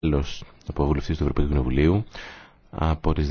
Έλλος, από βουλευτής του Ευρωπαϊκού Κοινοβουλίου, από τις